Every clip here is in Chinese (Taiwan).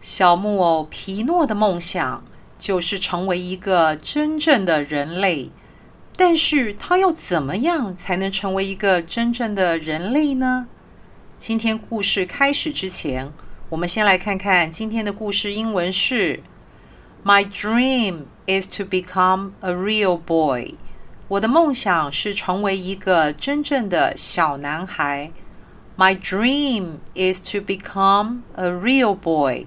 小木偶皮諾的夢想就是成為一個真正的人類，但是他要怎麼樣才能成為一個真正的人類呢？今天故事開始之前，我們先來看看今天的故事。英文是 “My dream is to become a real boy.” 我的夢想是成為一個真正的小男孩。“My dream is to become a real boy.”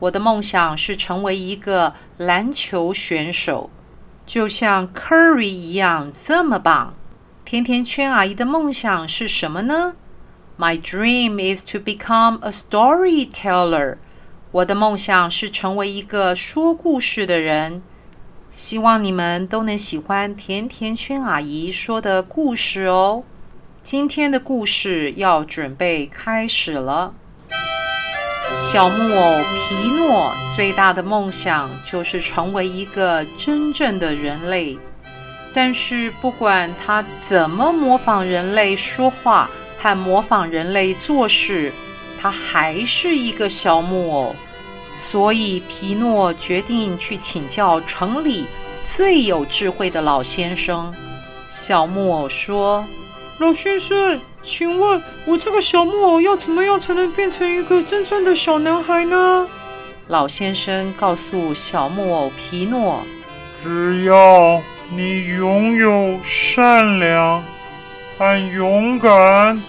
我的夢想是成為一個籃球選手，就像 Curry 一樣這麼棒。甜甜圈阿姨的夢想是什麼呢？My dream is to become a storyteller. 我的夢想是成為一個說故事的人。希望你們都能喜歡甜甜圈阿姨說的故事哦。今天的故事要準備開始了。小木偶皮諾最大的夢想就是成為一個真正的人類，但是不管他怎麼模仿人類說話和模仿人類做事，他還是一個小木偶。所以，皮諾決定去請教城裡最有智慧的老先生。小木偶說：“老先生。”請問，我這個小木偶要怎麼樣才能變成一個真正的小男孩呢？老先生告訴小木偶皮諾：“只要你擁有善良和勇敢，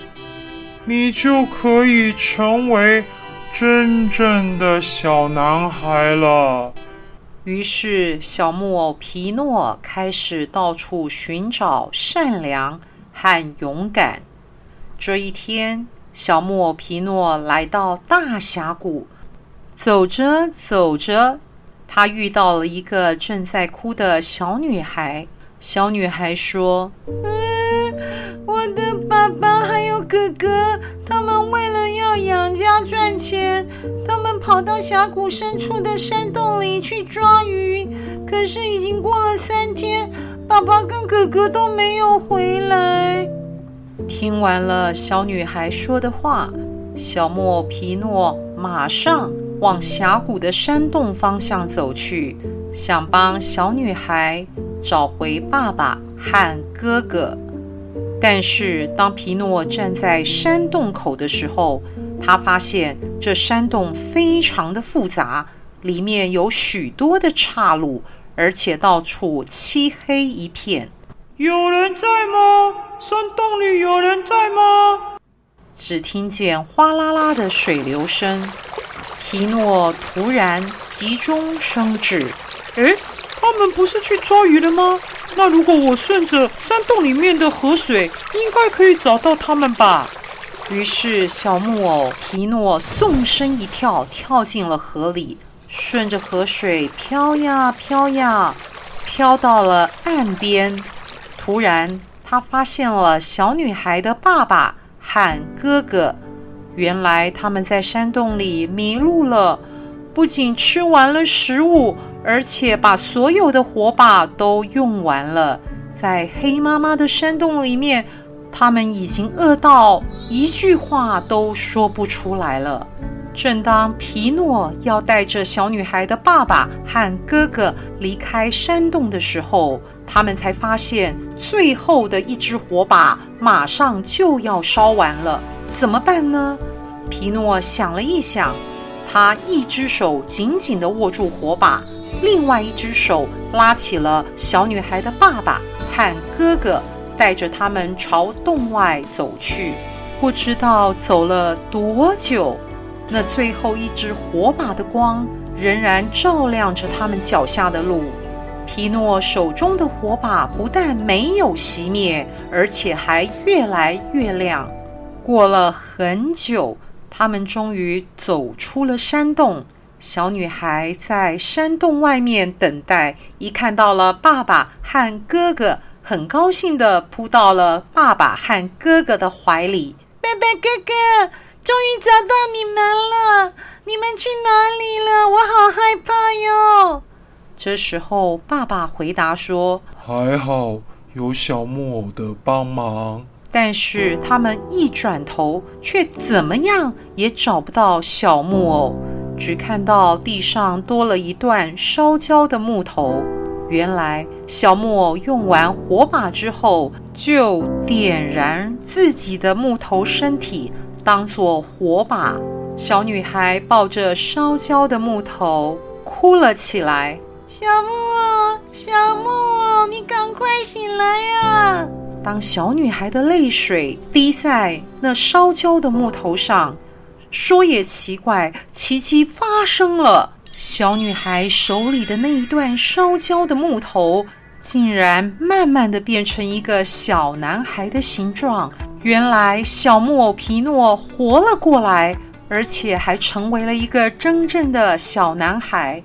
你就可以成為真正的小男孩了。”於是，小木偶皮諾開始到處尋找善良和勇敢。這一天，小木偶皮諾來到大峽谷。走着走着，他遇到了一個正在哭的小女孩。小女孩說：“嗯，我的爸爸還有哥哥，他們為了要養家賺錢，他們跑到峽谷深處的山洞裡去抓魚。可是已經過了三天，爸爸跟哥哥都沒有回來。”聽完了小女孩說的話，小木偶皮諾馬上往峽谷的山洞方向走去，想幫小女孩找回爸爸和哥哥。但是，當皮諾站在山洞口的時候，他發現這山洞非常的複雜，裡面有許多的岔路，而且到處漆黑一片。有人在嗎？山洞裡有人在嗎？只聽見嘩啦啦的水流聲。皮諾突然急中生智：“誒，他們不是去抓魚了嗎？那如果我順着山洞裡面的河水，應該可以找到他們吧？”於是，小木偶皮諾縱身一跳，跳進了河裡，順着河水飄呀飄呀，飄到了岸邊。突然，他發現了小女孩的爸爸和哥哥。原來他們在山洞裡迷路了，不僅吃完了食物，而且把所有的火把都用完了。在黑媽媽的山洞裡面，他們已經餓到一句話都說不出來了。正當皮諾要帶着小女孩的爸爸和哥哥離開山洞的時候，他們才發現最後的一支火把馬上就要燒完了，怎麼辦呢？皮諾想了一想，他一隻手緊緊地握住火把，另外一隻手拉起了小女孩的爸爸和哥哥，帶着他們朝洞外走去。不知道走了多久。那最後一只火把的光仍然照亮着他們腳下的路。皮諾手中的火把不但沒有熄滅，而且還越來越亮。過了很久，他們終於走出了山洞。小女孩在山洞外面等待，一看到了爸爸和哥哥，很高興地撲到了爸爸和哥哥的懷裡。爸爸，哥哥。終於找到你們了！你們去哪裡了？我好害怕喲。這時候，爸爸回答說：“還好有小木偶的幫忙。”但是他們一轉頭，卻怎麼樣也找不到小木偶，只看到地上多了一段燒焦的木頭。原來，小木偶用完火把之後，就點燃自己的木頭身體。當做火把，小女孩抱着燒焦的木頭哭了起來。小木啊，小木啊，你趕快醒來呀！當小女孩的淚水滴在那燒焦的木頭上，說也奇怪，奇蹟發生了。小女孩手裡的那一段燒焦的木頭，竟然慢慢的變成一個小男孩的形狀。原來小木偶皮諾活了過來，而且還成為了一個真正的小男孩。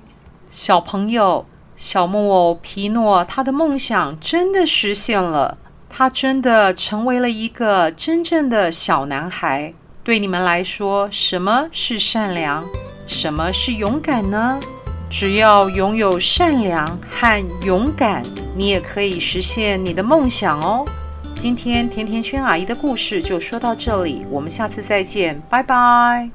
小朋友，小木偶皮諾他的夢想真的實現了，他真的成為了一個真正的小男孩。對你們來說，什麼是善良，什麼是勇敢呢？只要擁有善良和勇敢，你也可以實現你的夢想哦。今天甜甜圈阿姨的故事就說到這裡，我們下次再見，拜拜。